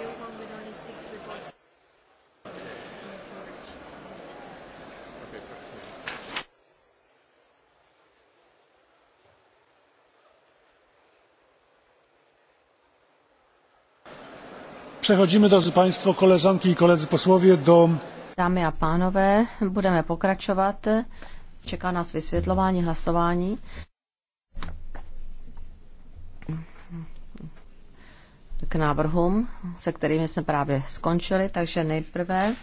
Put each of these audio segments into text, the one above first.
review one with only six reports. drodzy Państwo, koleżanki i koledzy posłowie, do... Dámy a pánové, budeme pokračovat. Čeká nás vysvětlování, hlasování. k návrhům, se kterými jsme právě skončili, takže nejprve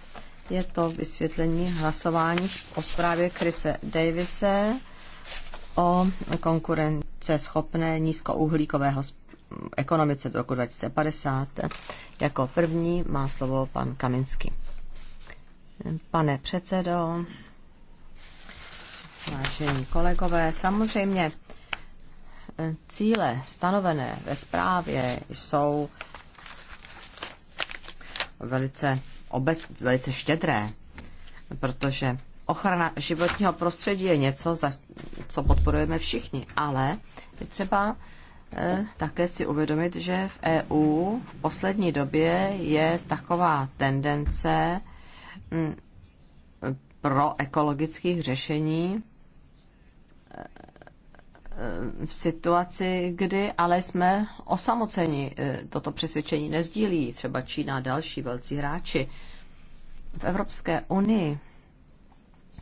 je to vysvětlení hlasování o zprávě Krise Davise o konkurence schopné nízkouhlíkového ekonomice do roku 2050. Jako první má slovo pan Kaminsky. Pane předsedo, vážení kolegové, samozřejmě cíle stanovené ve zprávě jsou velice, obec, velice štědré, protože ochrana životního prostředí je něco, za, co podporujeme všichni, ale je třeba eh, také si uvědomit, že v EU v poslední době je taková tendence mm, pro ekologických řešení eh, v situaci, kdy ale jsme osamoceni. E, toto přesvědčení nezdílí třeba Čína a další velcí hráči. V Evropské unii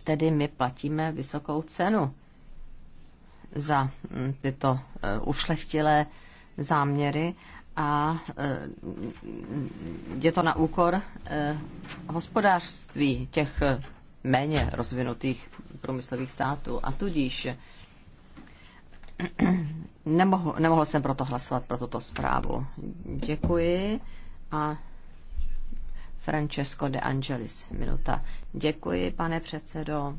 tedy my platíme vysokou cenu za mm, tyto e, ušlechtilé záměry a e, je to na úkor hospodářství těch méně rozvinutých průmyslových států a tudíž Nemohl, nemohl jsem proto hlasovat pro tuto zprávu. Děkuji. A Francesco de Angelis, minuta. Děkuji, pane předsedo.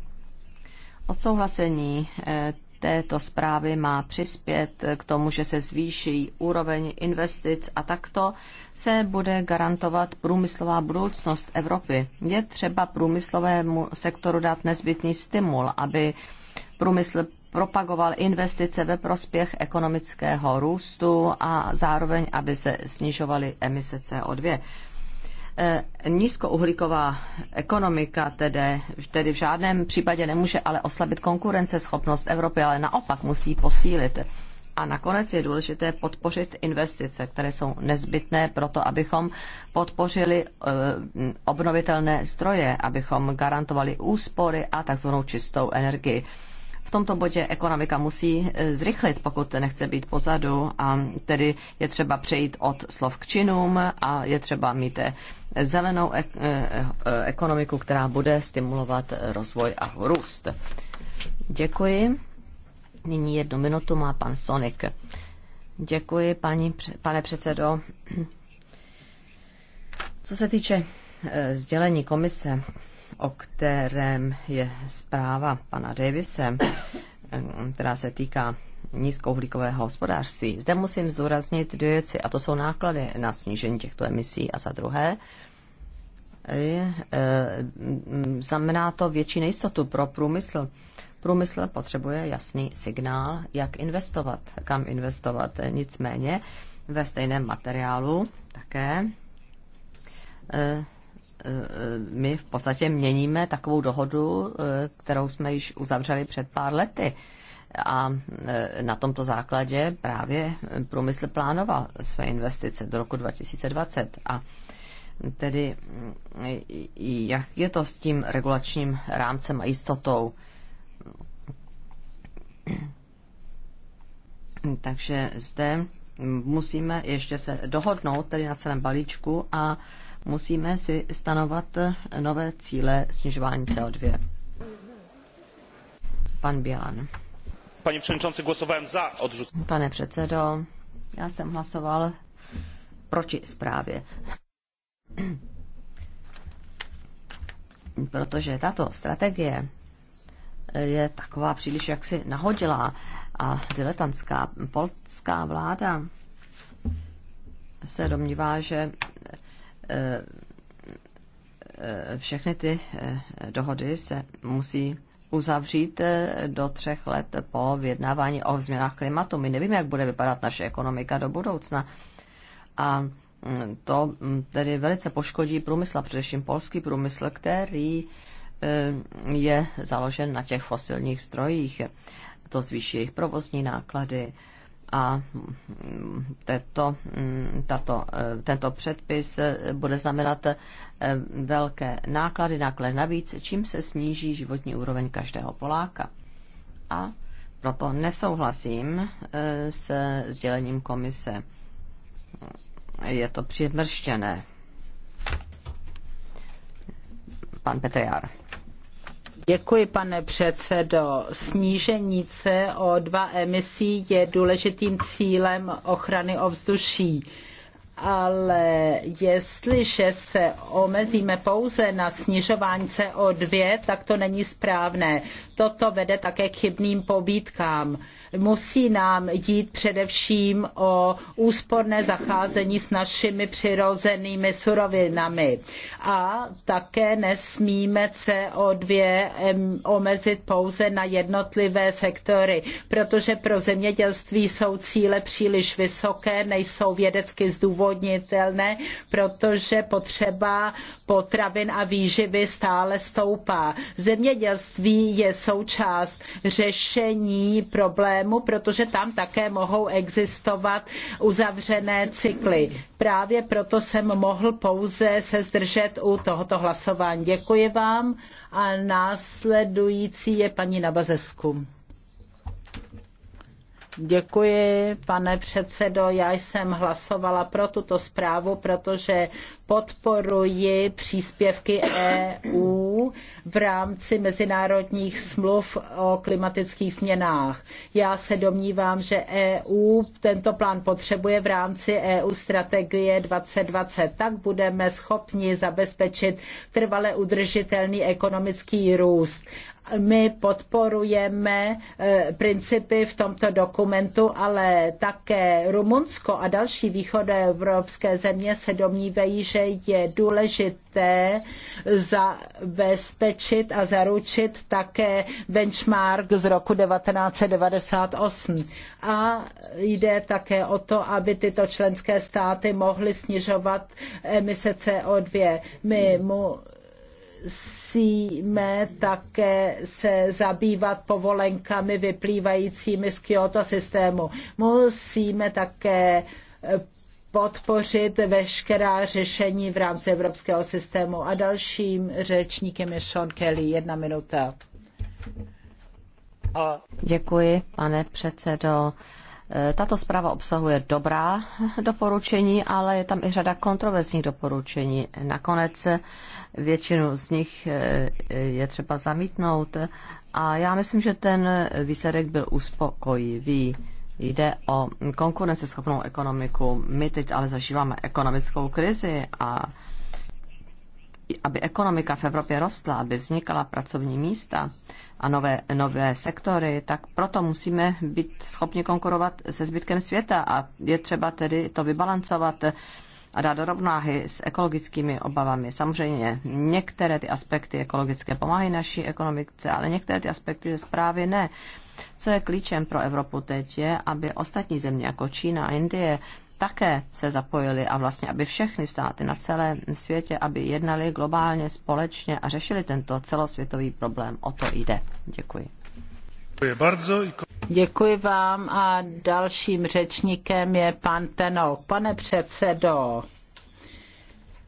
Odsouhlasení eh, této zprávy má přispět k tomu, že se zvýší úroveň investic a takto se bude garantovat průmyslová budoucnost Evropy. Je třeba průmyslovému sektoru dát nezbytný stimul, aby průmysl propagoval investice ve prospěch ekonomického růstu a zároveň, aby se snižovaly emise CO2. Eh, nízkouhlíková ekonomika tedy, tedy v žádném případě nemůže ale oslabit konkurenceschopnost Evropy, ale naopak musí posílit. A nakonec je důležité podpořit investice, které jsou nezbytné pro to, abychom podpořili eh, obnovitelné zdroje, abychom garantovali úspory a takzvanou čistou energii v tomto bodě ekonomika musí e, zrychlit, pokud nechce být pozadu a tedy je třeba přejít od slov k činům a je třeba mít e, zelenou e, ekonomiku, která bude stimulovat rozvoj a růst. Děkuji. Nyní jednu minutu má pan Sonik. Děkuji, paní, pane předsedo. Co se týče sdělení komise o kterém je zpráva pana Davise, která se týká nízkouhlíkového hospodářství. Zde musím zdůraznit dvě věci, a to jsou náklady na snížení těchto emisí a za druhé, e, znamená to větší nejistotu pro průmysl. Průmysl potřebuje jasný signál, jak investovat, kam investovat. Nicméně ve stejném materiálu také e, Eh, my v podstatě měníme takovou dohodu, eh, kterou jsme již uzavřeli před pár lety. A eh, na tomto základě právě průmysl plánoval své investice do roku 2020. A tedy jak je to s tím regulačním rámcem a jistotou? Takže zde musíme ještě se dohodnout tedy na celém balíčku a musíme si stanovat nové cíle snižování CO2. Pan Bělan. Panie przewodniczący, jsem za odrzuceniem. Pane předsedo, já jsem hlasoval proti zprávě. Protože tato strategie je taková příliš jaksi nahodilá a diletantská. Polská vláda se domnívá, že Eh, všechny ty eh, dohody se musí uzavřít eh, do třech let po vyjednávání o změnách klimatu. My nevíme, jak bude vypadat naše ekonomika do budoucna. A mm, to mm, tedy velice poškodí průmysl, především polský průmysl, který je založen na těch fosilních strojích. To zvýší jejich provozní náklady a mm, tento, mm, tato, e, tento předpis e, bude znamenat e, velké náklady, náklady navíc, čím se sníží životní úroveň každého Poláka. A proto nesouhlasím s sdělením komise. Je to přimrštěné. Pan Petriar. Děkuji, pane předsedo. Snížení CO2 emisí je důležitým cílem ochrany ovzduší ale jestliže se omezíme pouze na snižování CO2, tak to není správné. Toto vede také k chybným pobítkám. Musí nám jít především o úsporné zacházení s našimi přirozenými surovinami. A také nesmíme CO2 omezit pouze na jednotlivé sektory, protože pro zemědělství jsou cíle příliš vysoké, nejsou vědecky zdůvodněné zdůvodnitelné, protože potřeba potravin a výživy stále stoupá. Zemědělství je součást řešení problému, protože tam také mohou existovat uzavřené cykly. Právě proto jsem mohl pouze se zdržet u tohoto hlasování. Děkuji vám a následující je paní Nabazesku. Děkuji, pane předsedo. Já jsem hlasovala pro tuto zprávu, protože podporuji příspěvky EU v rámci mezinárodních smluv o klimatických změnách. Já se domnívám, že EU tento plán potřebuje v rámci EU strategie 2020. Tak budeme schopni zabezpečit trvale udržitelný ekonomický růst my podporujeme eh, principy v tomto dokumentu, ale také Rumunsko a další východoevropské země se domnívají, že je důležité zabezpečit a zaručit také benchmark z roku 1998. A jde také o to, aby tyto členské státy mohly snižovat emise CO2. My mu musíme také se zabývat povolenkami vyplývajícími z Kyoto systému. Musíme také podpořit veškerá řešení v rámci evropského systému. A dalším řečníkem je Sean Kelly. Jedna minuta. Děkuji, pane předsedo. Tato zpráva obsahuje dobrá doporučení, ale je tam i řada kontroverzních doporučení. Nakonec většinu z nich eh, je třeba zamítnout a já myslím, že ten výsledek byl uspokojivý. Jde o konkurenceschopnou ekonomiku. My teď ale zažíváme ekonomickou krizi a aby ekonomika v Evropě rostla, aby vznikala pracovní místa a nové, nové sektory, tak proto musíme být schopni konkurovat se zbytkem světa a je třeba tedy to vybalancovat a dát do rovnáhy s ekologickými obavami. Samozřejmě některé ty aspekty ekologické pomáhají naší ekonomice, ale některé ty aspekty ze zprávy ne. Co je klíčem pro Evropu teď je, aby ostatní země jako Čína a Indie také se zapojili a vlastně, aby všechny státy na celém světě, aby jednali globálně, společně a řešili tento celosvětový problém. O to jde. Děkuji. Děkuji vám a dalším řečníkem je pan Tenok. Pane předsedo,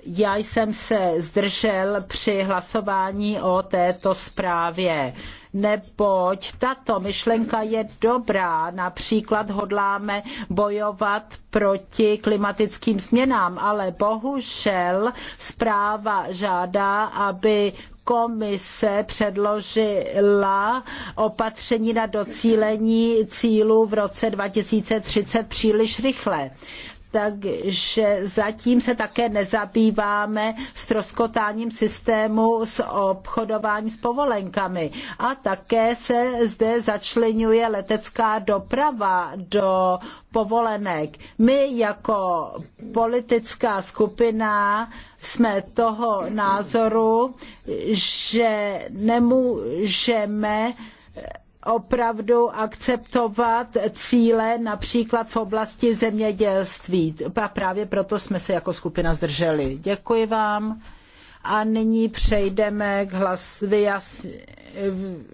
já jsem se zdržel při hlasování o této zprávě, neboť tato myšlenka je dobrá. Například hodláme bojovat proti klimatickým změnám, ale bohužel zpráva žádá, aby komise předložila opatření na docílení cílů v roce 2030 příliš rychle takže zatím se také nezabýváme stroskotáním systému s obchodováním s povolenkami. A také se zde začlenuje letecká doprava do povolenek. My jako politická skupina jsme toho názoru, že nemůžeme opravdu akceptovat cíle například v oblasti zemědělství. A právě proto jsme se jako skupina zdrželi. Děkuji vám. A nyní přejdeme k hlas, vyjas,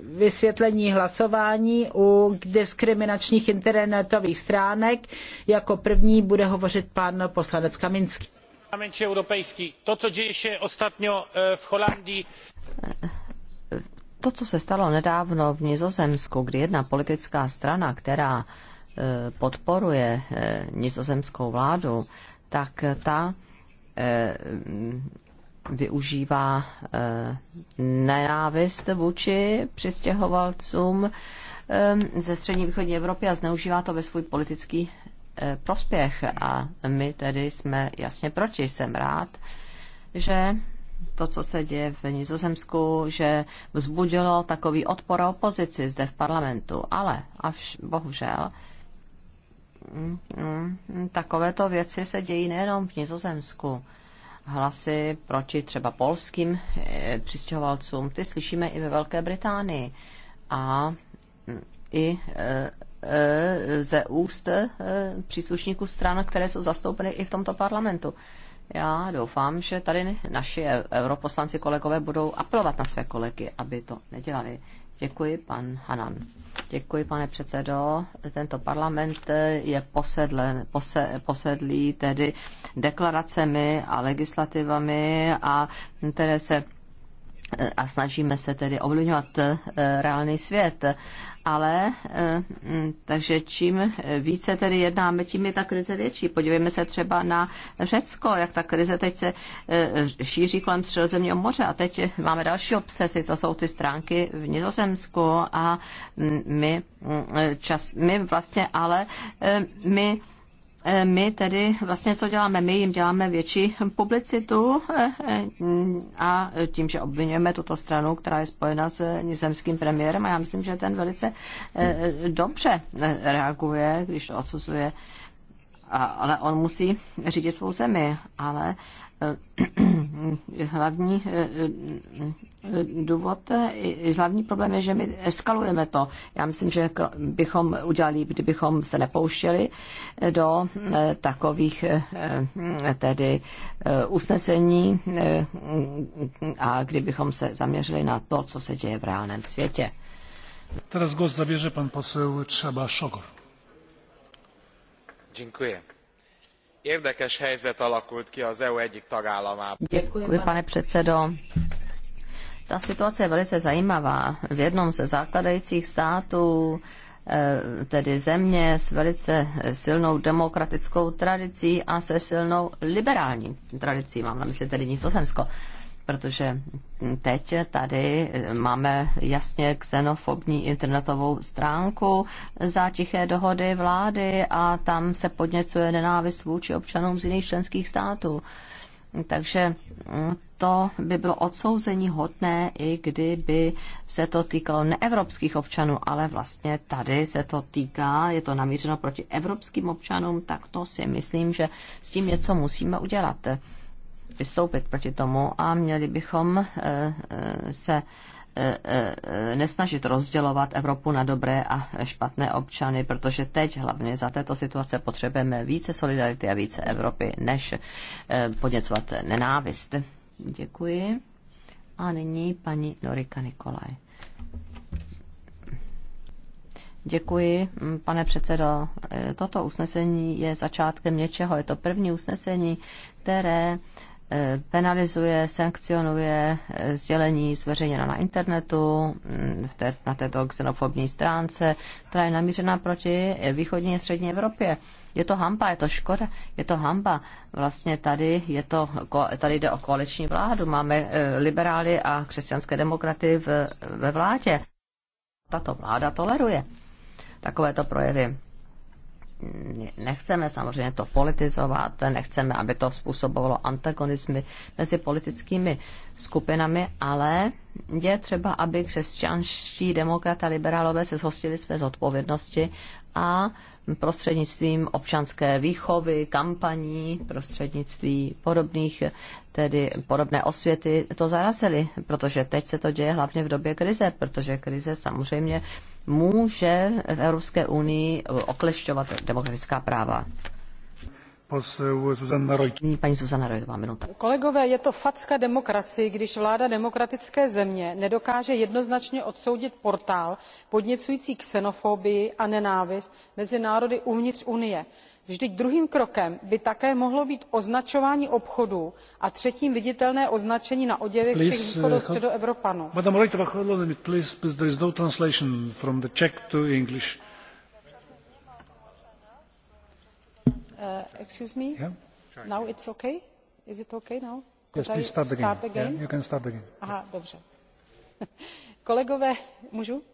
vysvětlení hlasování u diskriminačních internetových stránek. Jako první bude hovořit pan poslanec Kaminský. Parlamencie Europejský. To, co děje se ostatně eh, v Holandii to, co se stalo nedávno v Nizozemsku, kdy jedna politická strana, která e, podporuje e, nizozemskou vládu, tak ta e, využívá nenávist vůči přistěhovalcům ze střední východní Evropy a zneužívá to ve svůj politický prospěch. A my tedy jsme jasně proti. Jsem rád, že to, co se děje v Nizozemsku, že vzbudilo takový odpor a opozici zde v parlamentu. Ale, a vš, bohužel, mm, mm, takovéto věci se dějí nejenom v Nizozemsku. Hlasy proti třeba polským eh, přistěhovalcům, ty slyšíme i ve Velké Británii. A mm, i eh, eh, ze úst příslušníků stran, které jsou zastoupeny i v tomto parlamentu já doufám, že tady naši europoslanci kolegové budou apelovat na své kolegy, aby to nedělali. Děkuji, pan Hanan. Děkuji, pane předsedo. Tento parlament je posedlen, pose, posedlý tedy deklaracemi a legislativami, a které se a snažíme se tedy ovlivňovat eh, reálný svět. Ale eh, mm, takže čím více tedy jednáme, tím je ta krize větší. Podívejme se třeba na Řecko, jak ta krize teď se eh, šíří kolem Středozemního moře. A teď máme další obsesy, to jsou ty stránky v Nizozemsku a mm, my, mm, čas, my vlastně ale my Eh, my tedy vlastně, co děláme my, jim děláme větší publicitu eh, a tím, že obvinujeme tuto stranu, která je spojena s nizemským premiérem a já myslím, že ten velice eh, dobře reaguje, když to odsuzuje, ale on musí řídit svou zemi, ale hlavní důvod, eh, hlavní problém je, že my eskalujeme to. Já myslím, že bychom udělali, kdybychom se nepouštěli eh, do eh, takových tedy usnesení a kdybychom se zaměřili na to, co se děje v reálném světě. Teraz głos zabierze pan poseł Trzeba Szogor. Dziękuję. Érdekes helyzet alakult ki az EU egyik tagállamában. Děkuji, pane předsedo. Ta situace je velice zajímavá. V jednom ze základajících států eh, tedy země s velice silnou demokratickou tradicí a se silnou liberální tradicí, mám na mysli tedy Nizozemsko, protože teď tady máme jasně xenofobní internetovou stránku za tiché dohody vlády a tam se podněcuje nenávist vůči občanům z jiných členských států. Takže mm, to by bylo odsouzení hodné, i kdyby se to týkalo neevropských občanů, ale vlastně tady se to týká, je to namířeno proti evropským občanům, tak to si myslím, že s tím něco musíme udělat vystoupit proti tomu a měli bychom eh, eh, se Eh, eh, nesnažit rozdělovat Evropu na dobré a špatné občany, protože teď hlavně za této situace potřebujeme více solidarity a více Evropy, než eh, podněcovat nenávist. Děkuji. A nyní paní Norika Nikolaj. Děkuji, hm, pane předsedo. Toto usnesení je začátkem něčeho. Je to první usnesení, které eh, Eh, penalizuje, sankcionuje eh, sdělení zveřejněna na internetu, mm, v té, na této xenofobní stránce, která je namířena proti východní a střední Evropě. Je to hamba, je to škoda, je to hamba. Vlastně tady, je to, tady jde o koaliční vládu. Máme eh, liberály a křesťanské demokraty v, ve vládě. Tato vláda toleruje takovéto projevy nechceme samozřejmě to politizovat, nechceme, aby to způsobovalo antagonismy mezi politickými skupinami, ale je třeba, aby křesťanští demokrata a liberálové se zhostili své zodpovědnosti a prostřednictvím občanské výchovy, kampaní, prostřednictví podobných, tedy podobné osvěty to zarazili, protože teď se to děje hlavně v době krize, protože krize samozřejmě může v Evropské unii oklešťovat demokratická práva. Paní Zuzana Rojdová, minuta. Kolegové, je to facka demokracii, když vláda demokratické země nedokáže jednoznačně odsoudit portál podněcující xenofobii a nenávist mezi národy uvnitř Unie vždyť druhým krokem by také mohlo být označování obchodů a třetím viditelné označení na oděvech všech eh, východo a no uh, středoevropanů.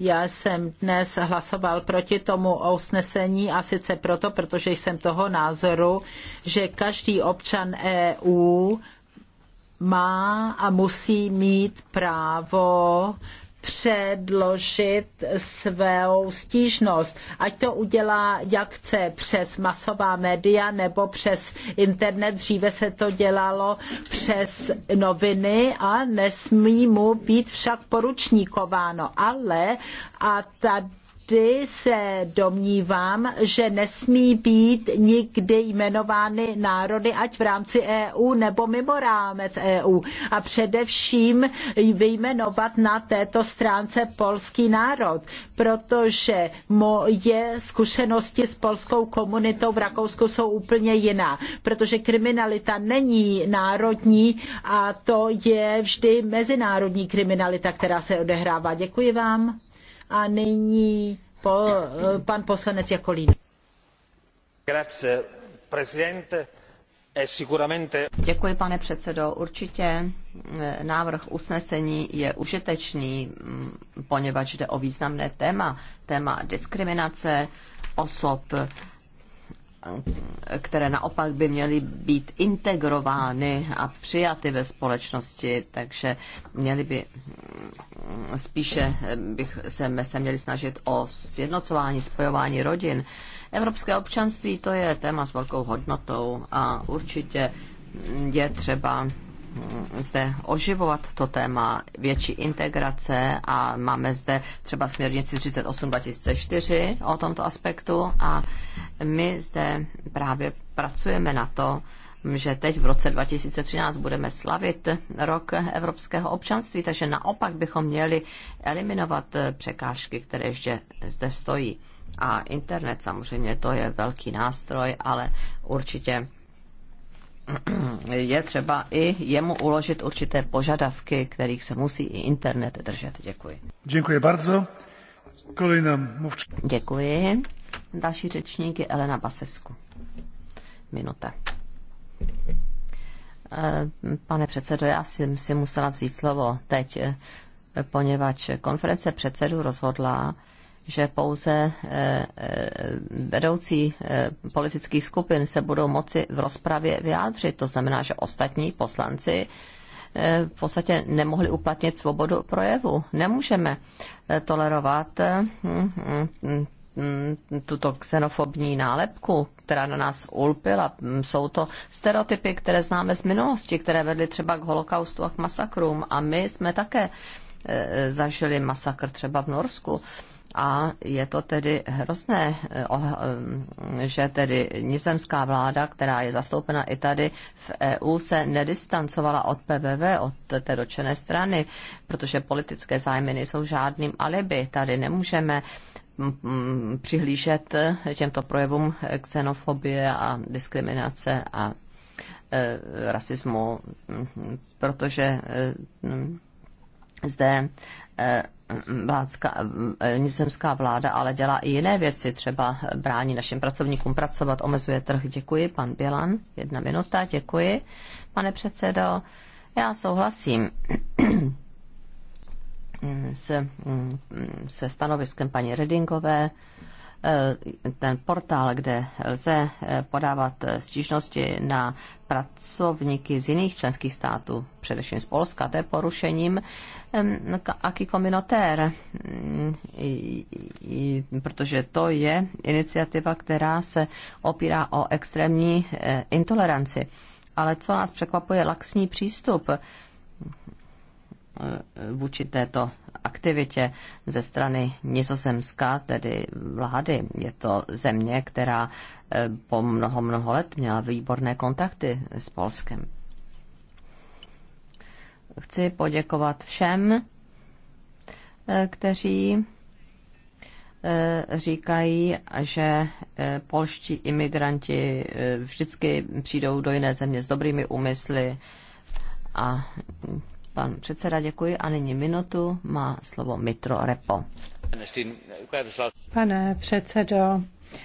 já jsem dnes hlasoval proti tomu usnesení a sice proto, protože jsem toho názoru, že každý občan EU má a musí mít právo předložit svou stížnost. Ať to udělá jak chce, přes masová média nebo přes internet. Dříve se to dělalo přes noviny a nesmí mu být však poručníkováno. Ale a tady vždy se domnívám, že nesmí být nikdy jmenovány národy, ať v rámci EU nebo mimo rámec EU. A především vyjmenovat na této stránce polský národ, protože moje zkušenosti s polskou komunitou v Rakousku jsou úplně jiná, protože kriminalita není národní a to je vždy mezinárodní kriminalita, která se odehrává. Děkuji vám. A nyní po, eh, pan poslanec Jakolín. Děkuji, pane předsedo. Určitě eh, návrh usnesení je užitečný, mm, poněvadž jde o významné téma, téma diskriminace osob které naopak by měly být integrovány a přijaty ve společnosti, takže měly by spíše bych se, se měli snažit o sjednocování, spojování rodin. Evropské občanství to je téma s velkou hodnotou a určitě je třeba zde oživovat to téma větší integrace a máme zde třeba směrnici 38-2004 o tomto aspektu a my zde právě pracujeme na to, že teď v roce 2013 budeme slavit rok evropského občanství, takže naopak bychom měli eliminovat překážky, které ještě zde stojí. A internet samozřejmě to je velký nástroj, ale určitě je třeba i jemu uložit určité požadavky, kterých se musí i internet držet. Děkuji. Děkuji bardzo. Kolejna mluvčí. Děkuji. Další řečník je Elena Basesku. Minuta. Eh, pane předsedo, já jsem si musela vzít slovo teď, eh, poněvadž konference předsedů rozhodla, že pouze eh, eh, vedoucí eh, politických skupin se budou moci v rozpravě vyjádřit. To znamená, že ostatní poslanci v podstatě nemohli uplatnit svobodu projevu. Nemůžeme tolerovat hm, hm, hm, tuto xenofobní nálepku, která na nás ulpila. Jsou to stereotypy, které známe z minulosti, které vedly třeba k holokaustu a k masakrům. A my jsme také zažili masakr třeba v Norsku. A je to tedy hrozné, eh, eh, že tedy nizemská vláda, která je zastoupena i tady v EU, se nedistancovala od PVV, od té dočené strany, protože politické zájmy nejsou žádným alibi. Tady nemůžeme mm, mm, přihlížet eh, těmto projevům xenofobie a diskriminace a rasismu, mm, protože zde vládská, eh, nizozemská vláda ale dělá i jiné věci, třeba brání našim pracovníkům pracovat, omezuje trh. Děkuji, pan Bělan. Jedna minuta, děkuji, pane předsedo. Já souhlasím se, mm, se stanoviskem paní Redingové. Eh, ten portál, kde lze eh, podávat eh, stížnosti na pracovníky z jiných členských států, především z Polska, to je porušením aký kominotér, mm, protože to je iniciativa, která se opírá o extrémní intoleranci. Ale co nás překvapuje, laxní přístup Eh, vůči této aktivitě ze strany Nizozemska, tedy vlády. Je to země, která eh, po mnoho, mnoho let měla výborné kontakty s Polskem. Chci poděkovat všem, eh, kteří říkají, že polští imigranti vždycky přijdou do jiné země s dobrými úmysly a Pan předseda, děkuji. A nyní minutu má slovo Mitro Repo. Pane předsedo,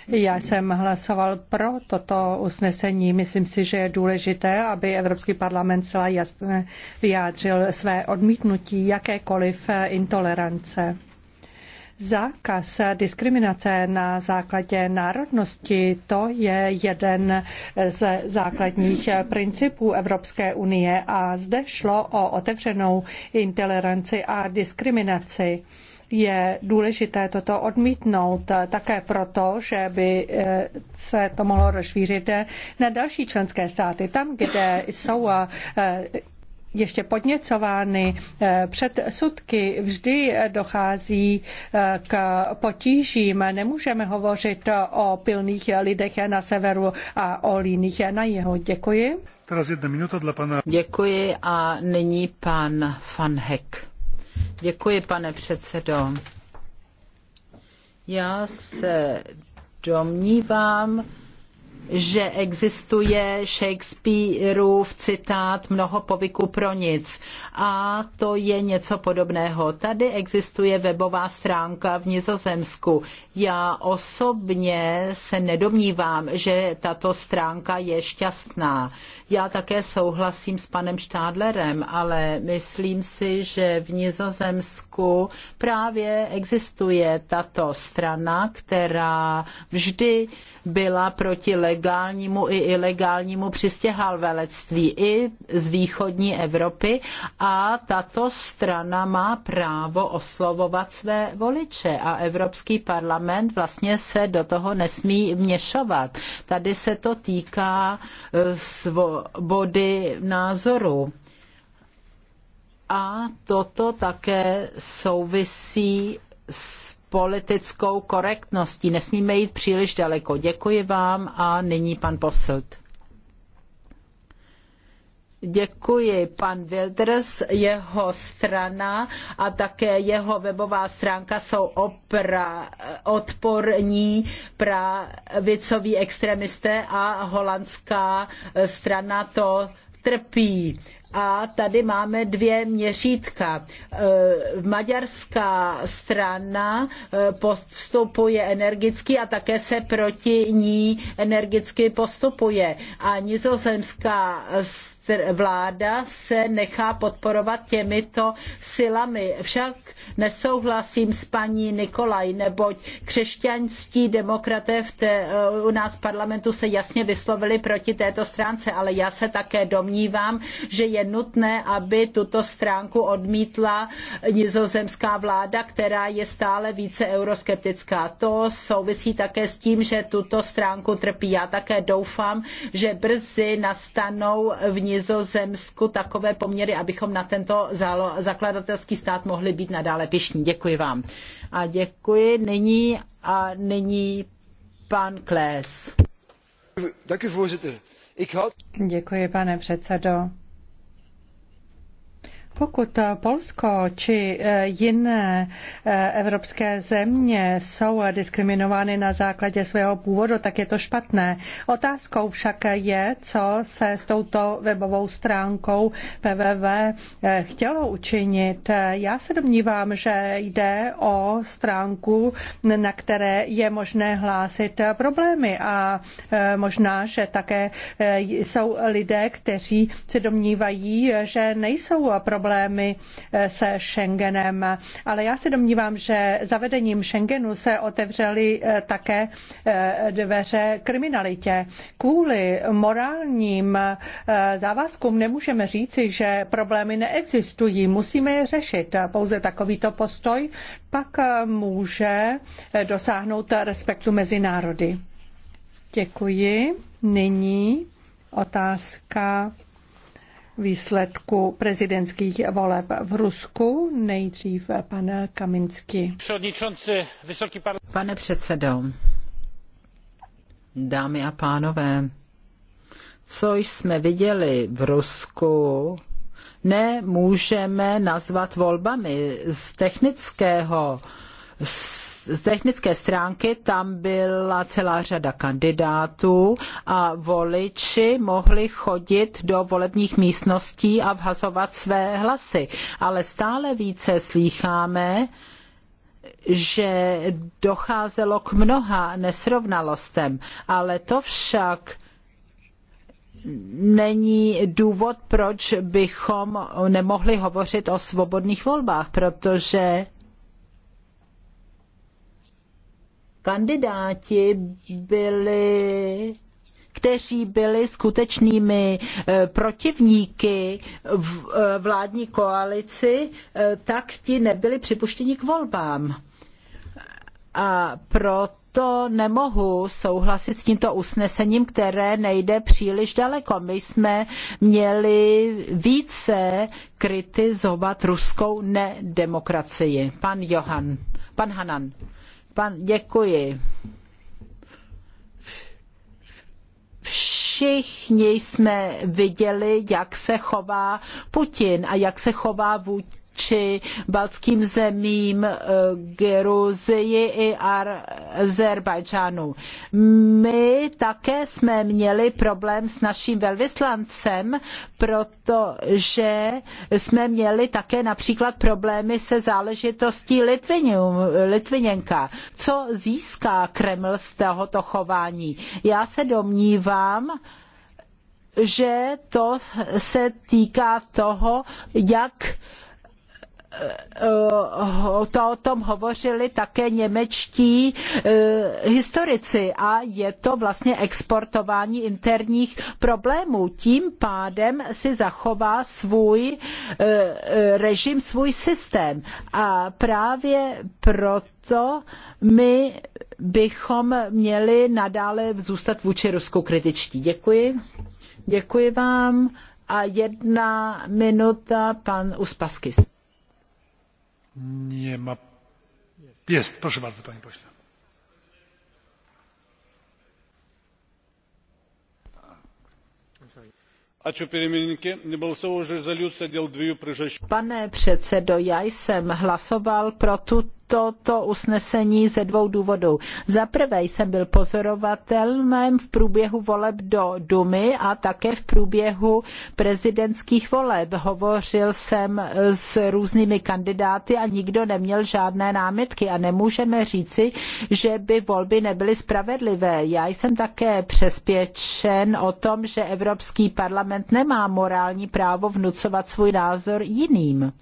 já jsem hlasoval pro toto usnesení. Myslím si, že je důležité, aby Evropský parlament celá jasně vyjádřil své odmítnutí jakékoliv intolerance. Zákaz diskriminace na základě národnosti, to je jeden z základních principů Evropské unie a zde šlo o otevřenou intoleranci a diskriminaci je důležité toto odmítnout také proto, že by eh, se to mohlo rozšířit na další členské státy. Tam, kde jsou eh, ještě podněcovány eh, před sudky, vždy dochází eh, k potížím. Nemůžeme hovořit o pilných lidech na severu a o líných na jihu. Děkuji. Teraz jedna minuta dla pana. Děkuji a nyní pan Van Heck. Děkuji, pane předsedo. Já se domnívám, že existuje Shakespeareův citát mnoho povyku pro nic. A to je něco podobného. Tady existuje webová stránka v Nizozemsku. Já osobně se nedomnívám, že tato stránka je šťastná. Já také souhlasím s panem Štádlerem, ale myslím si, že v Nizozemsku právě existuje tato strana, která vždy byla proti legálnímu i ilegálnímu přistěhalvelectví i z východní Evropy a tato strana má právo oslovovat své voliče a Evropský parlament vlastně se do toho nesmí měšovat. Tady se to týká eh, svobody názoru. A toto také souvisí s politickou korektností. Nesmíme jít příliš daleko. Děkuji vám a nyní pan Posilt. Děkuji. Pan Wilders, jeho strana a také jeho webová stránka jsou opra, odporní pravicoví extremisté a holandská strana to trpí a tady máme dvě měřítka. E, maďarská strana e, postupuje energicky a také se proti ní energicky postupuje. A nizozemská strana vláda se nechá podporovat těmito silami. Však nesouhlasím s paní Nikolaj, neboť křesťanští demokraté v té, eh, u nás v parlamentu se jasně vyslovili proti této stránce, ale já se také domnívám, že je nutné, aby tuto stránku odmítla nizozemská vláda, která je stále více euroskeptická. To souvisí také s tím, že tuto stránku trpí. Já také doufám, že brzy nastanou v Nizozemsku Nizozemsku takové poměry, abychom na tento zálo, zakladatelský stát mohli být nadále pišní. Děkuji vám. A děkuji nyní a nyní pan Kles. Děkuji, pane předsedo. Pokud eh, Polsko či eh, jiné eh, evropské země jsou diskriminovány na základě svého původu, tak je to špatné. Otázkou však je, co se s touto webovou stránkou PVV chtělo učinit. Já se domnívám, že jde o stránku, na které je možné hlásit problémy a možná, že také jsou lidé, kteří se domnívají, že nejsou problémy problémy eh, se Schengenem. Ale já se domnívám, že zavedením Schengenu se otevřely eh, také eh, dveře kriminalitě. Kvůli morálním závazkům nemůžeme říci, že problémy neexistují. Musíme je řešit. Pouze takovýto postoj pak může dosáhnout respektu mezi národy. Děkuji. Nyní otázka výsledku prezidentských voleb v Rusku. Nejdřív pan Kaminsky. Pane předsedo, dámy a pánové, co jsme viděli v Rusku, nemůžeme nazvat volbami z technického z z technické stránky tam byla celá řada kandidátů a voliči mohli chodit do volebních místností a vhazovat své hlasy. Ale stále více slýcháme, že docházelo k mnoha nesrovnalostem, ale to však není důvod, proč bychom nemohli hovořit o svobodných volbách, protože kandidáti byli kteří byli skutečnými eh, protivníky v eh, vládní koalici, eh, tak ti nebyli připuštěni k volbám. A proto nemohu souhlasit s tímto usnesením, které nejde příliš daleko. My jsme měli více kritizovat ruskou nedemokracii. Pan Johan, pan Hanan. Pan, děkuji. Všichni jsme viděli, jak se chová Putin a jak se chová vůči vůči baltským zemím, eh, Gruzii i Azerbajdžánu. My také jsme měli problém s naším velvyslancem, protože jsme měli také například problémy se záležitostí Litvinu, Litviněnka. Co získá Kreml z tohoto chování? Já se domnívám, že to se týká toho, jak to eh, eh, o tom hovořili také němečtí eh, historici a je to vlastně exportování interních problémů. Tím pádem si zachová svůj režim, svůj systém. A právě proto my bychom měli nadále zůstat vůči Rusku kritičtí. Děkuji. Děkuji vám. A jedna minuta, pan Uspaskis. Nie ma. Jest, proszę bardzo, panie pośle. Pane předsedo, já jsem hlasoval pro tuto toto usnesení ze dvou důvodů. Za prvé jsem byl pozorovatelem v průběhu voleb do Dumy a také v průběhu prezidentských voleb. Hovořil jsem s různými kandidáty a nikdo neměl žádné námitky a nemůžeme říci, že by volby nebyly spravedlivé. Já jsem také přespěčen o tom, že Evropský parlament nemá morální právo vnucovat svůj názor jiným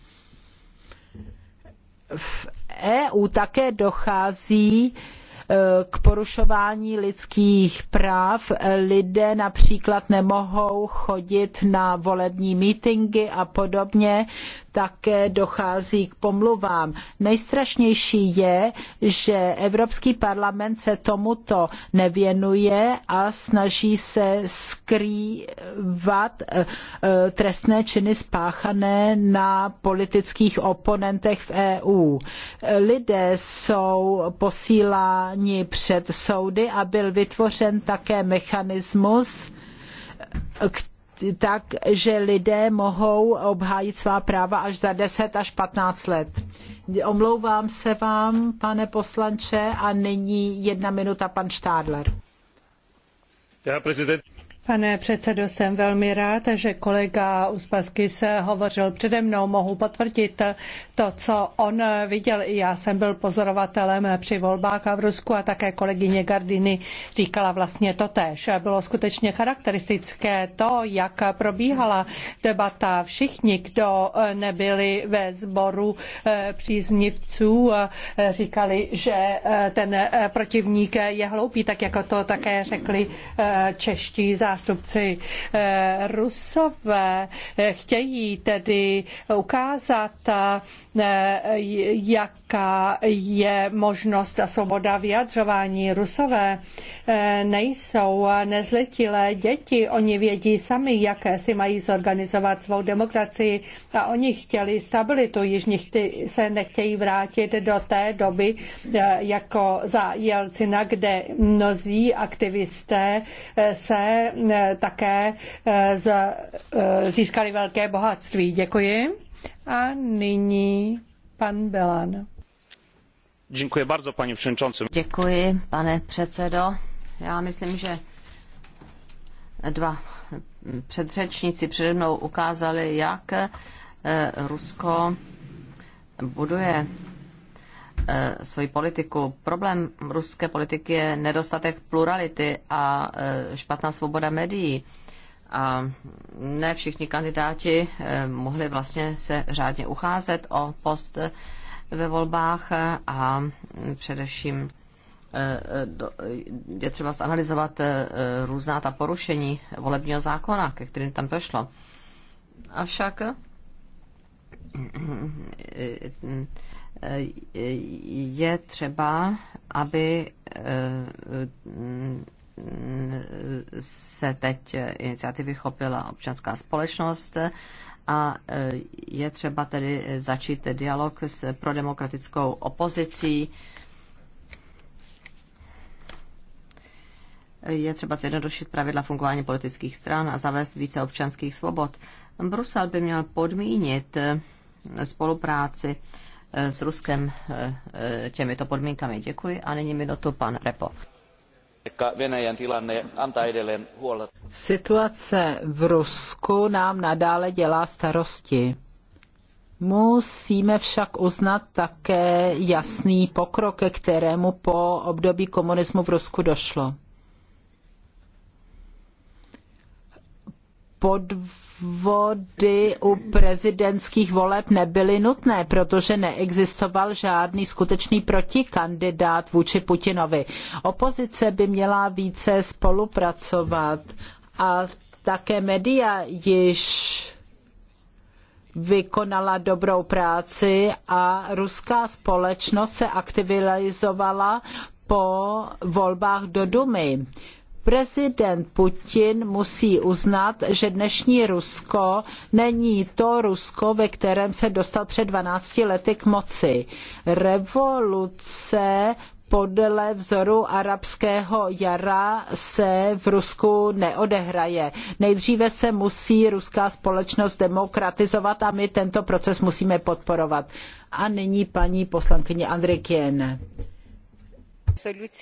v EU také dochází e, k porušování lidských práv. Lidé například nemohou chodit na volební mítinky a podobně také dochází k pomluvám. Nejstrašnější je, že Evropský parlament se tomuto nevěnuje a snaží se skrývat eh, eh, trestné činy spáchané na politických oponentech v EU. Lidé jsou posíláni před soudy a byl vytvořen také mechanismus, který tak, že lidé mohou obhájit svá práva až za 10 až 15 let. Omlouvám se vám, pane poslanče, a nyní jedna minuta pan Štádler. Ja, Pane předsedo, jsem velmi rád, že kolega Uspasky se hovořil přede mnou. Mohu potvrdit to, co on viděl. I já jsem byl pozorovatelem při volbách a v Rusku a také kolegyně Gardiny říkala vlastně to tež. Bylo skutečně charakteristické to, jak probíhala debata. Všichni, kdo nebyli ve sboru eh, příznivců, eh, říkali, že eh, ten protivník je hloupý, tak jako to také řekli čeští zástupci zástupci eh, Rusové eh, chtějí tedy ukázat, eh, jak jaká je možnost a svoboda vyjadřování. Rusové eh, nejsou nezletilé děti, oni vědí sami, jaké si mají zorganizovat svou demokracii a oni chtěli stabilitu, již se nechtějí vrátit do té doby, eh, jako za Jelcina, kde mnozí aktivisté eh, se také získali velké bohatství. Děkuji. A nyní pan Belan. Děkuji Děkuji, pane předsedo. Já myslím, že dva předřečníci přede mnou ukázali, jak e, Rusko buduje e, svoji politiku. Problém ruské politiky je nedostatek plurality a špatná e, svoboda médií. A ne všichni kandidáti mohli vlastně se řádně ucházet o post ve volbách a především eh, eh, eh, je třeba zanalizovat různá ta porušení volebního zákona, ke kterým tam došlo. Avšak je třeba, aby se teď iniciativy chopila občanská společnost a e, je třeba tedy začít dialog s prodemokratickou opozicí. Je třeba zjednodušit pravidla fungování politických stran a zavést více občanských svobod. Brusel by měl podmínit e, spolupráci e, s Ruskem těmito podmínkami. Děkuji a nyní minutu pan Repo. Venäjän tilanne antaa edelleen huolta. Situace v Rusku nám nadále dělá starosti. Musíme však uznat také jasný pokrok, ke kterému po období komunismu v Rusku došlo. Pod vody u prezidentských voleb nebyly nutné, protože neexistoval žádný skutečný protikandidát vůči Putinovi. Opozice by měla více spolupracovat a také média již vykonala dobrou práci a ruská společnost se aktivizovala po volbách do Dumy. Prezident Putin musí uznat, že dnešní Rusko není to Rusko, ve kterém se dostal před 12 lety k moci. Revoluce podle vzoru arabského jara se v Rusku neodehraje. Nejdříve se musí ruská společnost demokratizovat a my tento proces musíme podporovat. A nyní paní poslankyně Andrikiene.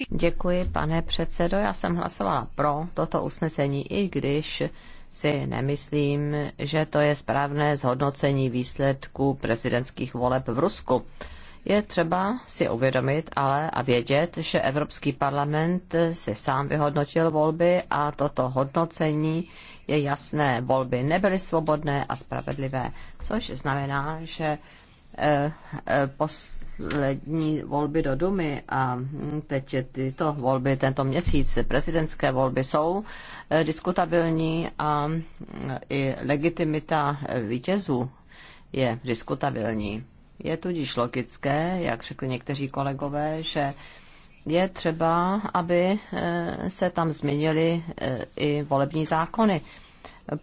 Děkuji, pane předsedo. Já jsem hlasovala pro toto usnesení, i když si nemyslím, že to je správné zhodnocení výsledků prezidentských voleb v Rusku. Je třeba si uvědomit ale a vědět, že Evropský parlament si sám vyhodnotil volby a toto hodnocení je jasné. Volby nebyly svobodné a spravedlivé, což znamená, že Eh, poslední volby do Dumy a teď tyto volby tento měsíc, prezidentské volby, jsou eh, diskutabilní a eh, i legitimita vítězů je diskutabilní. Je tudíž logické, jak řekli někteří kolegové, že je třeba, aby se tam změnily i volební zákony.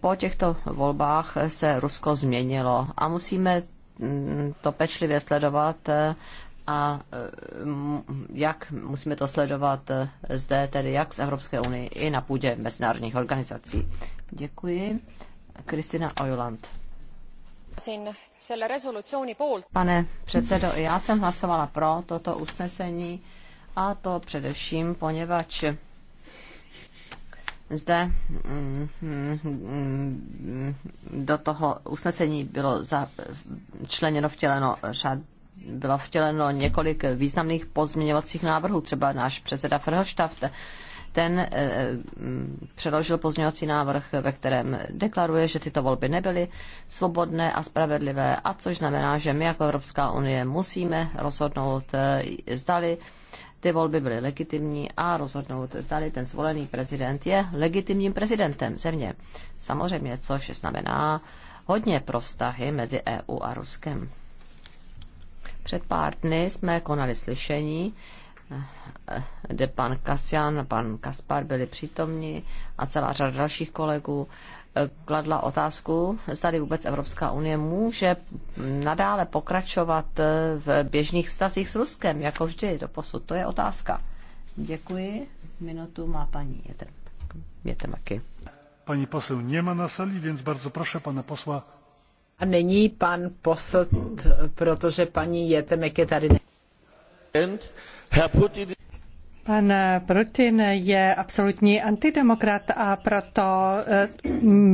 Po těchto volbách se Rusko změnilo a musíme Mm, to pečlivě sledovat eh, a eh, jak musíme to sledovat eh, zde, tedy jak z Evropské unie i na půdě mezinárodních organizací. Děkuji. Kristina Ojuland. Pane předsedo, já jsem hlasovala pro toto usnesení a to především, poněvadž zde mm, mm, do toho usnesení bylo členěno vtěleno řad bylo vtěleno několik významných pozměňovacích návrhů, třeba náš předseda Ferhoštaft, ten eh, mm, předložil pozměňovací návrh, ve kterém deklaruje, že tyto volby nebyly svobodné a spravedlivé, a což znamená, že my jako Evropská unie musíme rozhodnout, eh, zdali ty volby byly legitimní a rozhodnout, zda ten zvolený prezident je legitimním prezidentem země. Samozřejmě, což znamená hodně pro vztahy mezi EU a Ruskem. Před pár dny jsme konali slyšení, kde pan Kasian, pan Kaspar byli přítomni a celá řada dalších kolegů kladla otázku, zda vůbec Evropská unie může nadále pokračovat v běžných vztazích s Ruskem, jako vždy do posud. To je otázka. Děkuji. Minutu má paní Jetemaky. Paní posel nemá na sali, věc bardzo proše pana posla. A není pan posl, protože paní Jetemek je tady. Ne... Herr Putin Pan Putin je absolutní antidemokrat a proto eh,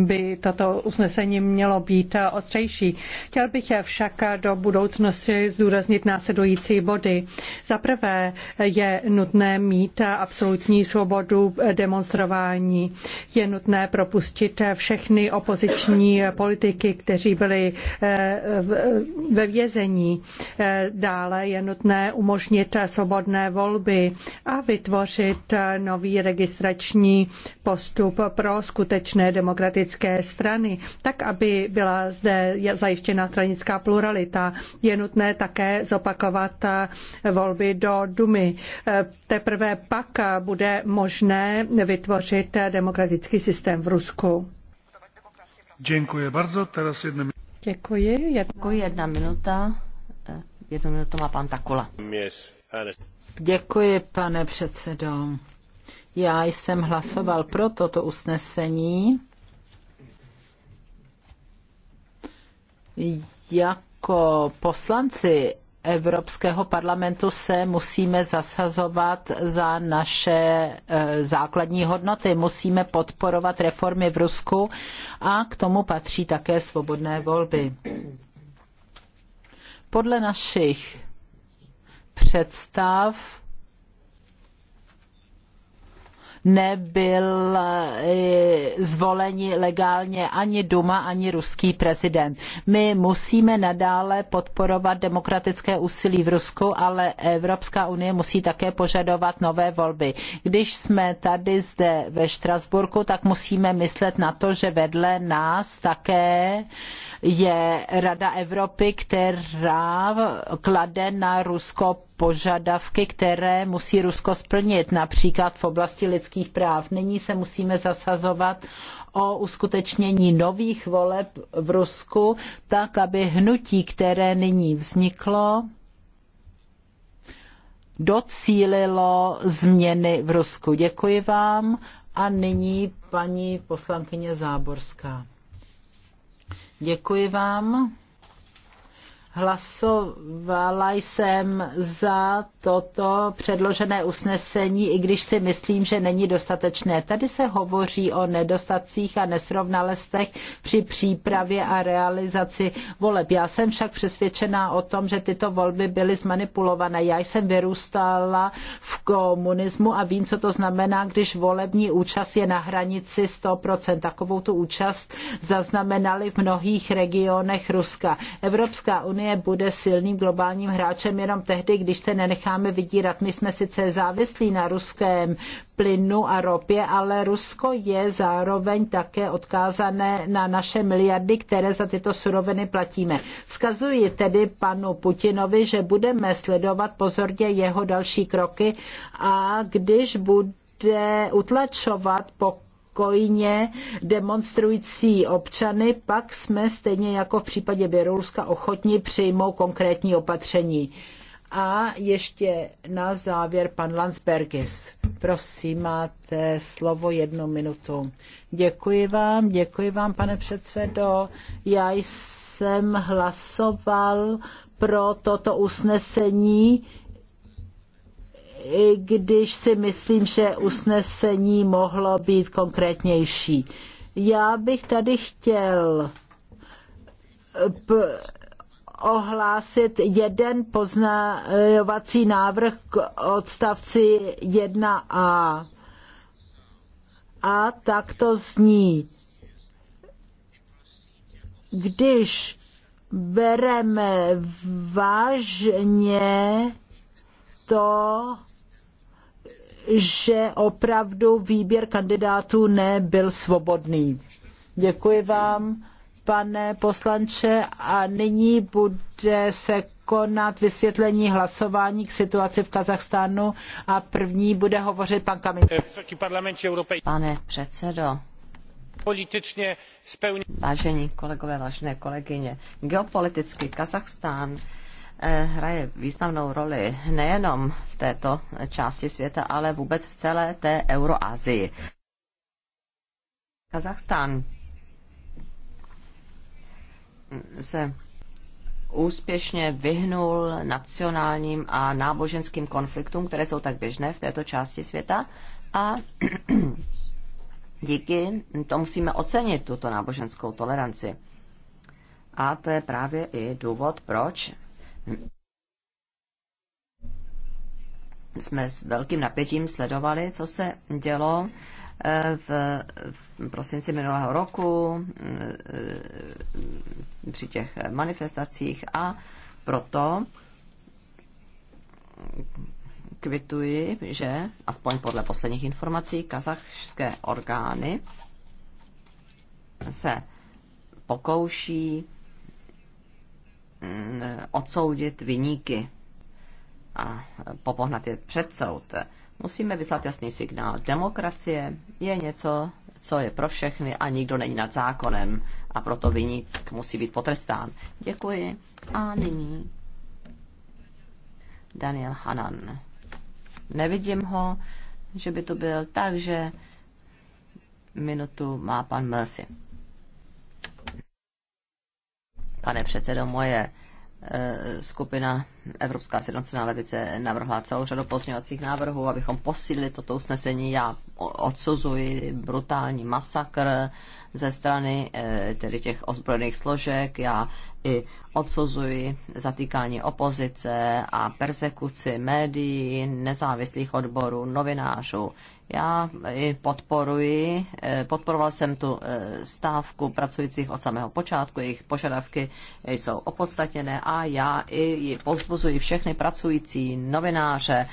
by toto usnesení mělo být ostřejší. Chtěl bych však do budoucnosti zdůraznit následující body. Za prvé je nutné mít absolutní svobodu demonstrování. Je nutné propustit všechny opoziční politiky, kteří byli eh, ve vězení. Eh, dále je nutné umožnit svobodné volby a vytvořit nový registrační postup pro skutečné demokratické strany, tak aby byla zde zajištěna stranická pluralita. Je nutné také zopakovat volby do Dumy. Teprve pak bude možné vytvořit demokratický systém v Rusku. Děkuji bardzo. Teraz jedna minuta. Děkuji. Jedna, jedna minuta. Jednu minutu má pan Takula. Yes. Děkuji, pane předsedo. Já jsem hlasoval pro toto usnesení. Jako poslanci Evropského parlamentu se musíme zasazovat za naše eh, základní hodnoty. Musíme podporovat reformy v Rusku a k tomu patří také svobodné volby. Podle našich představ nebyl eh, zvoleni legálně ani Duma, ani ruský prezident. My musíme nadále podporovat demokratické úsilí v Rusku, ale Evropská unie musí také požadovat nové volby. Když jsme tady zde ve Štrasburku, tak musíme myslet na to, že vedle nás také je Rada Evropy, která klade na Rusko požadavky, které musí Rusko splnit, například v oblasti lidských práv. Nyní se musíme zasazovat o uskutečnění nových voleb v Rusku, tak aby hnutí, které nyní vzniklo, docílilo změny v Rusku. Děkuji vám a nyní paní poslankyně Záborská. Děkuji vám. Hlasovala jsem za toto předložené usnesení, i když si myslím, že není dostatečné. Tady se hovoří o nedostatcích a nesrovnalostech při přípravě a realizaci voleb. Já jsem však přesvědčená o tom, že tyto volby byly zmanipulované. Já jsem vyrůstala v komunismu a vím, co to znamená, když volební účast je na hranici 100%. Takovou tu účast zaznamenali v mnohých regionech Ruska. Evropská unie unie bude silným globálním hráčem jenom tehdy, když se nenecháme vydírat. My jsme sice závislí na ruském plynu a ropě, ale Rusko je zároveň také odkázané na naše miliardy, které za tyto suroviny platíme. Vzkazuji tedy panu Putinovi, že budeme sledovat pozorně jeho další kroky a když bude utlačovat, pokud pokojně demonstrující občany, pak jsme stejně jako v případě Běloruska ochotni přijmout konkrétní opatření. A ještě na závěr pan Landsbergis. Prosím, máte slovo jednu minutu. Děkuji vám, děkuji vám, pane předsedo. Já jsem hlasoval pro toto usnesení, i když si myslím, že usnesení mohlo být konkrétnější. Já bych tady chtěl ohlásit jeden poznávací návrh k odstavci 1a. A tak to zní. Když bereme vážně to, že opravdu výběr kandidátů nebyl svobodný. Děkuji vám, pane poslanče, a nyní bude se konat vysvětlení hlasování k situaci v Kazachstánu a první bude hovořit pan Kamin. Pane předsedo, Politicky splň... Vážení kolegové, vážené kolegyně, geopoliticky Kazachstán Eh, hraje významnou roli nejenom v této části světa, ale vůbec v celé té Euroazii. Kazachstán se úspěšně vyhnul nacionálním a náboženským konfliktům, které jsou tak běžné v této části světa a díky to musíme ocenit, tuto náboženskou toleranci. A to je právě i důvod, proč jsme s velkým napětím sledovali, co se dělo eh, v, prosinci minulého roku eh, při těch manifestacích a proto kvituji, že aspoň podle posledních informací kazachské orgány se pokouší Mm, odsoudit vyníky a popohnat je před soud. Musíme vyslat jasný signál. Demokracie je něco, co je pro všechny a nikdo není nad zákonem a proto vyník musí být potrestán. Děkuji. A nyní Daniel Hanan. Nevidím ho, že by to byl, takže minutu má pan Murphy. Pane předsedo, moje e, skupina Evropská sjednocená levice navrhla celou řadu pozměňovacích návrhů, abychom posílili toto usnesení. Já odsuzuji brutální masakr ze strany e, tedy těch ozbrojených složek. Já i odsuzuji zatýkání opozice a persekuci médií, nezávislých odborů, novinářů. Já i podporuji, eh, podporoval jsem tu eh, stávku pracujících od samého počátku, jejich požadavky eh, jsou opodstatněné a já i pozbuzuji všechny pracující novináře,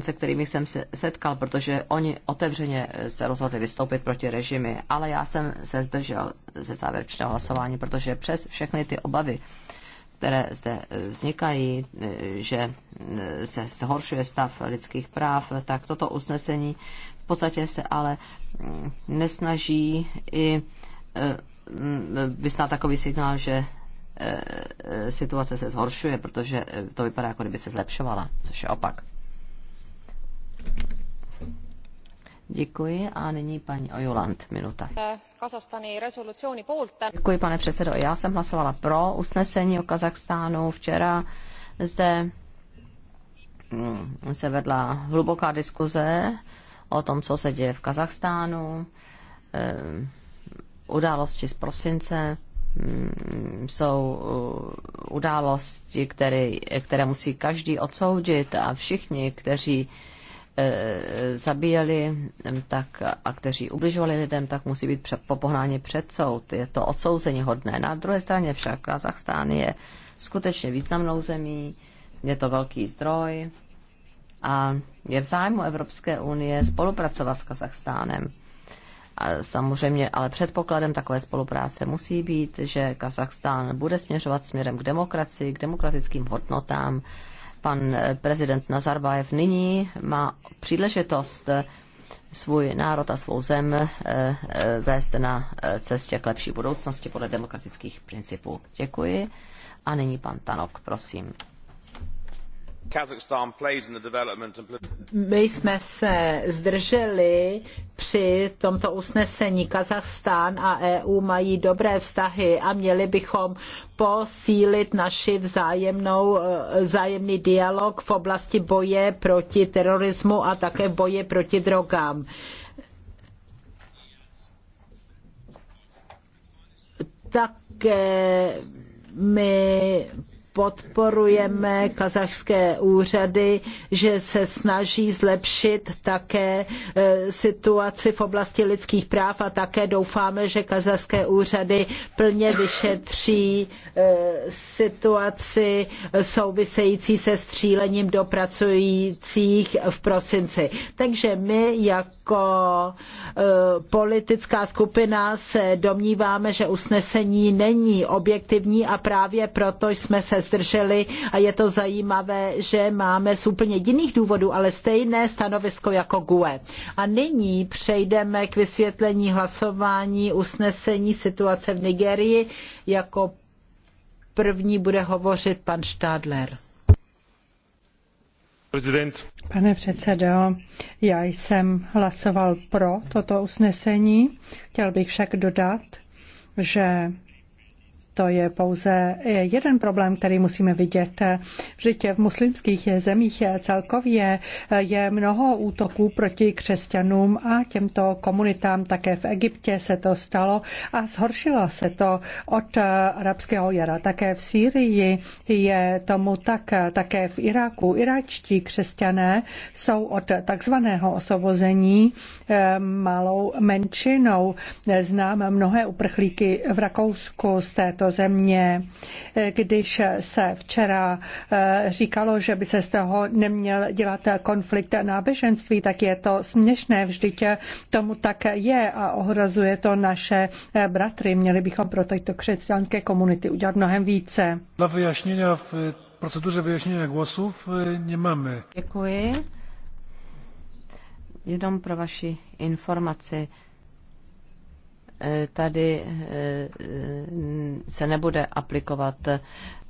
se kterými jsem se setkal, protože oni otevřeně se rozhodli vystoupit proti režimy, ale já jsem se zdržel ze závěrečného hlasování, protože přes všechny ty obavy, které zde vznikají, že se zhoršuje stav lidských práv, tak toto usnesení podstatě se ale mm, nesnaží i e, mm, vysnat takový signál, že e, e, situace se zhoršuje, protože to vypadá, jako kdyby se zlepšovala, což je opak. Děkuji a nyní paní Ojuland, minuta. Děkuji, pane předsedo. Já jsem hlasovala pro usnesení o Kazachstánu včera. Zde mm, se vedla hluboká diskuze o tom, co se děje v Kazachstánu. Eh, události z prosince mm, jsou eh, události, které, které musí každý odsoudit a všichni, kteří eh, zabíjeli mm, tak, a kteří ubližovali lidem, tak musí být popohnáni před soud. Je to odsouzení hodné. Na druhé straně však Kazachstán je skutečně významnou zemí, je to velký zdroj a je v zájmu Evropské unie spolupracovat s Kazachstánem. A samozřejmě, ale předpokladem takové spolupráce musí být, že Kazachstán bude směřovat směrem k demokracii, k demokratickým hodnotám. Pan eh, prezident Nazarbájev nyní má příležitost eh, svůj národ a svou zem eh, vést na cestě k lepší budoucnosti podle demokratických principů. Děkuji. A nyní pan Tanok, prosím. My jsme se zdrželi při tomto usnesení. Kazachstán a EU mají dobré vztahy a měli bychom posílit naši vzájemnou, eh, vzájemný dialog v oblasti boje proti terorismu a také boje proti drogám. Také my podporujeme kazachské úřady, že se snaží zlepšit také e, situaci v oblasti lidských práv a také doufáme, že kazachské úřady plně vyšetří e, situaci související se střílením do pracujících v prosinci. Takže my jako e, politická skupina se domníváme, že usnesení není objektivní a právě proto jsme se zdrželi a je to zajímavé, že máme z úplně jiných důvodů, ale stejné stanovisko jako GUE. A nyní přejdeme k vysvětlení hlasování usnesení situace v Nigerii. Jako první bude hovořit pan Stadler. Prezident. Pane předsedo, já jsem hlasoval pro toto usnesení. Chtěl bych však dodat, že to je pouze jeden problém, který musíme vidět. Vždyť v muslimských zemích celkově je mnoho útoků proti křesťanům a těmto komunitám. Také v Egyptě se to stalo a zhoršilo se to od arabského jara. Také v Sýrii je tomu tak, také v Iráku. Iráčtí křesťané jsou od takzvaného osvobození eh, malou menšinou. Znám mnohé uprchlíky v Rakousku z této této země. Když se včera eh, říkalo, že by se z toho neměl dělat konflikt náboženství, tak je to směšné. Vždyť tomu tak je a ohrozuje to naše eh, bratry. Měli bychom pro tyto křesťanské komunity udělat mnohem více. Na vyjašnění v proceduře vyjašnění hlasů eh, nemáme. Děkuji. Jenom pro vaši informaci Eh, tady eh, se nebude aplikovat eh,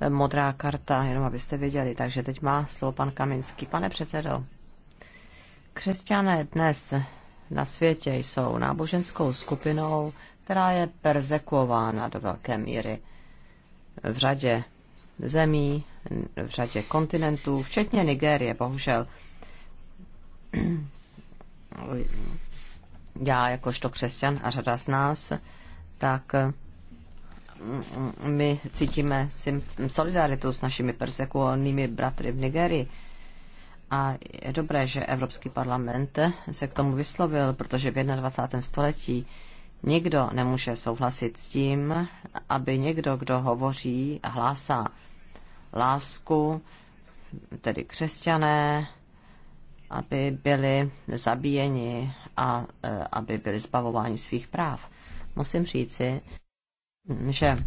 modrá karta, jenom abyste věděli. Takže teď má slovo pan Kaminský. Pane předsedo, křesťané dnes na světě jsou náboženskou skupinou, která je persekuována do velké míry v řadě zemí, v řadě kontinentů, včetně Nigérie, bohužel já jakožto křesťan a řada z nás, tak mm, mm, my cítíme solidaritu s našimi persekuovanými bratry v Nigerii. A je dobré, že Evropský parlament se k tomu vyslovil, protože v 21. století nikdo nemůže souhlasit s tím, aby někdo, kdo hovoří a hlásá lásku, tedy křesťané, aby byli zabíjeni a e, aby byli zbavováni svých práv. Musím říci, že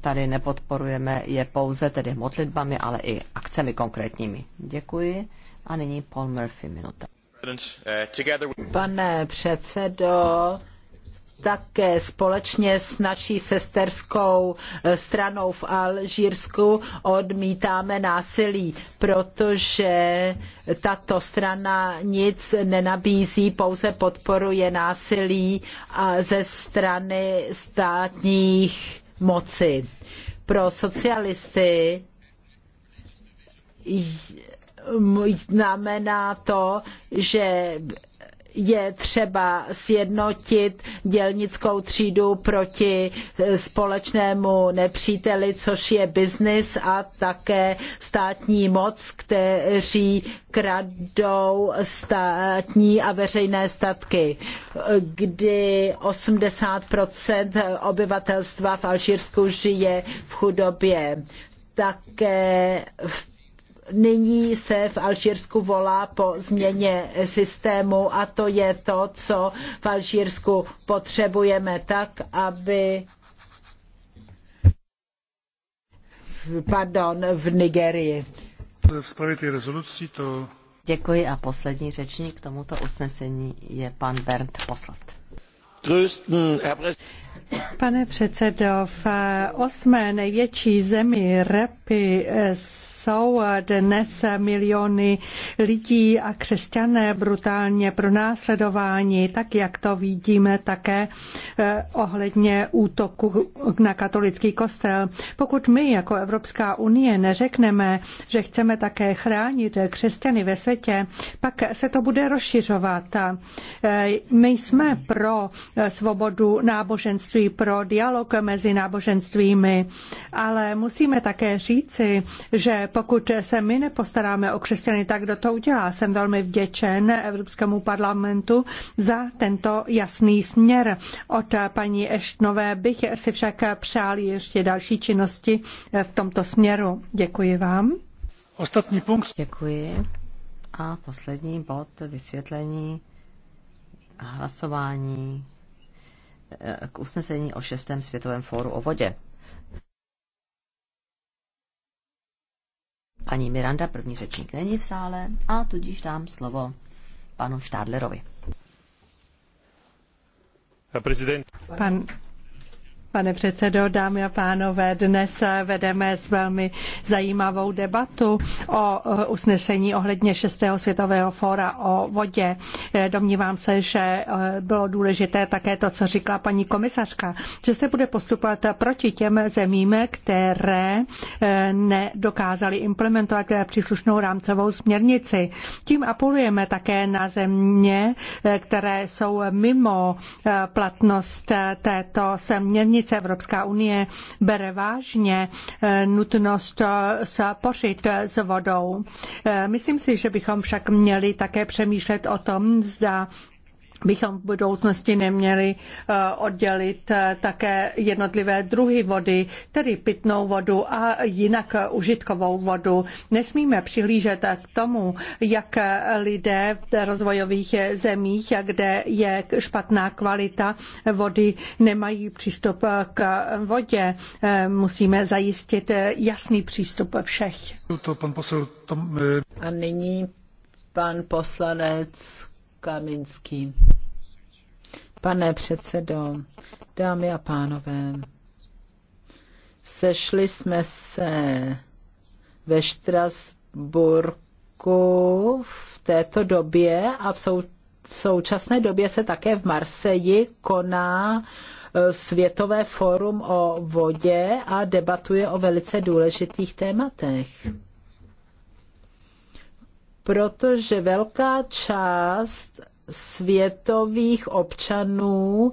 tady nepodporujeme je pouze tedy modlitbami, ale i akcemi konkrétními. Děkuji. A nyní Paul Murphy minuta. Pane předsedo, také společně s naší sesterskou eh, stranou v Alžírsku odmítáme násilí, protože tato strana nic nenabízí, pouze podporuje násilí ze strany státních moci. Pro socialisty znamená to, že je třeba sjednotit dělnickou třídu proti eh, společnému nepříteli, což je biznis a také státní moc, kteří kradou státní a veřejné statky, kdy 80% obyvatelstva v Alžírsku žije v chudobě. Také v Nyní se v Alžírsku volá po změně systému a to je to, co v Alžírsku potřebujeme tak, aby pardon, v Nigerii. V rezoluci to... Děkuji a poslední řečník k tomuto usnesení je pan Bernd Poslat. Pane předsedo, v osmé největší zemi repy s eh, jsou dnes miliony lidí a křesťané brutálně pronásledováni, tak jak to vidíme také eh, ohledně útoku na katolický kostel. Pokud my jako Evropská unie neřekneme, že chceme také chránit křesťany ve světě, pak se to bude rozšiřovat. Eh, my jsme pro eh, svobodu náboženství, pro dialog mezi náboženstvími, ale musíme také říci, že pokud se my nepostaráme o křesťany, tak kdo to udělá? Jsem velmi vděčen Evropskému parlamentu za tento jasný směr. Od paní Eštnové bych si však přál ještě další činnosti v tomto směru. Děkuji vám. Ostatní punkt. Děkuji. A poslední bod vysvětlení hlasování eh, k usnesení o šestém světovém fóru o vodě. Paní Miranda, první řečník, není v sále a tudíž dám slovo panu Štádlerovi. Pan, pane předsedo, dámy a pánové. Dnes vedeme s velmi zajímavou debatu o usnesení ohledně 6. světového fóra o vodě. Eh, domnívám se, že eh, bylo důležité také to, co říkala paní komisařka, že se bude postupovat proti těm zemím, které eh, nedokázaly implementovat příslušnou rámcovou směrnici. Tím apelujeme také na země, které jsou mimo platnost této směrnice pozice Evropská unie bere vážně eh, nutnost eh, se pořit s vodou. Eh, myslím si, že bychom však měli také přemýšlet o tom, zda bychom v budoucnosti neměli eh, oddělit eh, také jednotlivé druhy vody, tedy pitnou vodu a jinak užitkovou vodu. Nesmíme přihlížet k tomu, jak lidé v rozvojových zemích, kde je špatná kvalita vody, nemají přístup k vodě. Eh, musíme zajistit jasný přístup všech. A nyní pan poslanec Kaminský. Pane předsedo, dámy a pánové, sešli jsme se ve Štrasburku v této době a v sou, současné době se také v Marseji koná e, Světové fórum o vodě a debatuje o velice důležitých tématech. Protože velká část světových občanů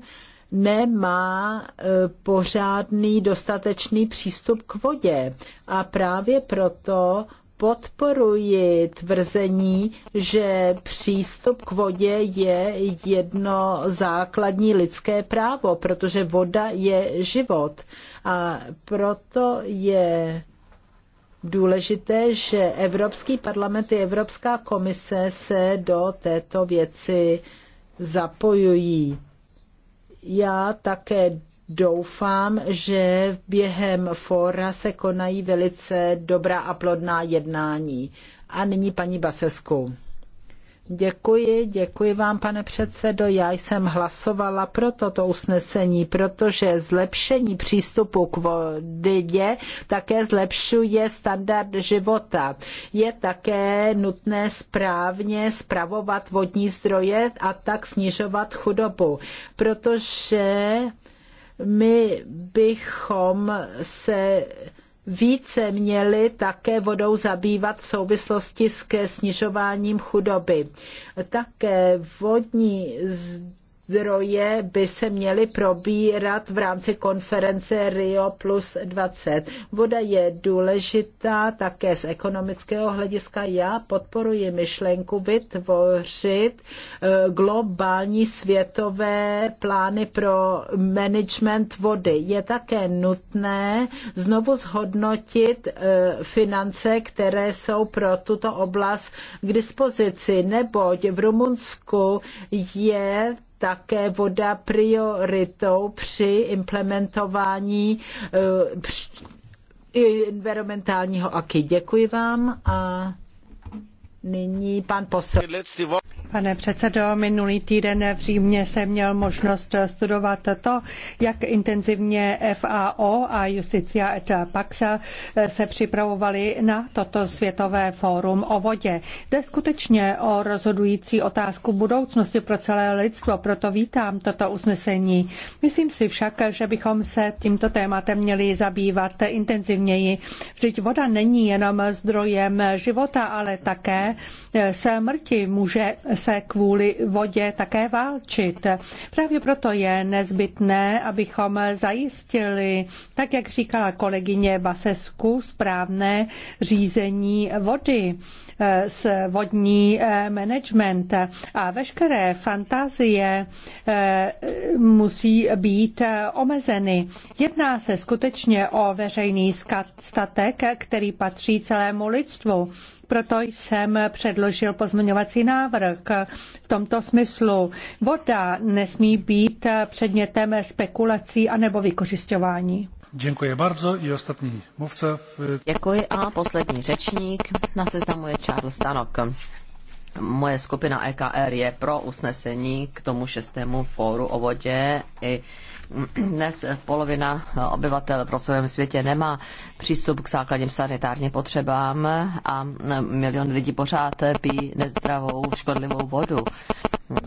nemá e, pořádný dostatečný přístup k vodě. A právě proto podporuji tvrzení, že přístup k vodě je jedno základní lidské právo, protože voda je život. A proto je důležité, že Evropský parlament i Evropská komise se do této věci zapojují. Já také doufám, že během fóra se konají velice dobrá a plodná jednání. A nyní paní Basesku. Děkuji, děkuji vám, pane předsedo. Já jsem hlasovala pro toto usnesení, protože zlepšení přístupu k vodě také zlepšuje standard života. Je také nutné správně spravovat vodní zdroje a tak snižovat chudobu, protože my bychom se více měli také vodou zabývat v souvislosti s snižováním chudoby. Také vodní zdroje zdroje by se měly probírat v rámci konference Rio plus 20. Voda je důležitá také z ekonomického hlediska. Já podporuji myšlenku vytvořit eh, globální světové plány pro management vody. Je také nutné znovu zhodnotit eh, finance, které jsou pro tuto oblast k dispozici, neboť v Rumunsku je také voda prioritou při implementování eh, environmentálního aky. Děkuji vám a nyní pan posel. Pane předsedo, minulý týden v Římě jsem měl možnost studovat to, jak intenzivně FAO a Justicia et Pax se připravovali na toto světové fórum o vodě. Jde skutečně o rozhodující otázku budoucnosti pro celé lidstvo, proto vítám toto usnesení. Myslím si však, že bychom se tímto tématem měli zabývat intenzivněji. Vždyť voda není jenom zdrojem života, ale také smrti může se kvůli vodě také válčit. Právě proto je nezbytné, abychom zajistili, tak jak říkala kolegyně Basesku, správné řízení vody eh, s vodní eh, management a veškeré fantazie eh, musí být omezeny. Jedná se skutečně o veřejný statek, který patří celému lidstvu. Proto jsem předložil pozměňovací návrh v tomto smyslu. Voda nesmí být předmětem spekulací anebo vykořišťování. Děkuji bardzo i ostatní mluvce. V... Děkuji a poslední řečník na seznamu je Charles Danok. Moje skupina EKR je pro usnesení k tomu šestému fóru o vodě i dnes polovina obyvatel v rozvojovém světě nemá přístup k základním sanitárním potřebám a milion lidí pořád pijí nezdravou, škodlivou vodu.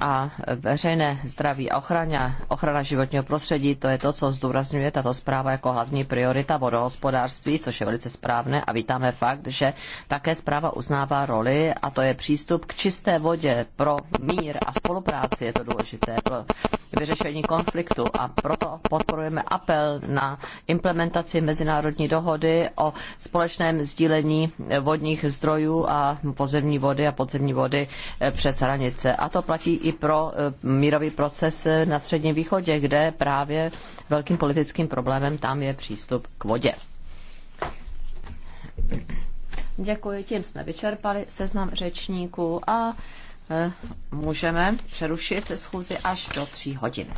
A veřejné zdraví a ochrana, ochrana životního prostředí, to je to, co zdůrazňuje tato zpráva jako hlavní priorita vodohospodářství, což je velice správné a vítáme fakt, že také zpráva uznává roli a to je přístup k čisté vodě pro mír a spolupráci je to důležité pro vyřešení konfliktu a proto podporujeme apel na implementaci mezinárodní dohody o společném sdílení vodních zdrojů a pozemní vody a podzemní vody eh, přes hranice. A to platí i pro eh, mírový proces eh, na Středním východě, kde právě velkým politickým problémem tam je přístup k vodě. Děkuji, tím jsme vyčerpali seznam řečníků a Eh, můžeme přerušit schůzi až do tří hodin.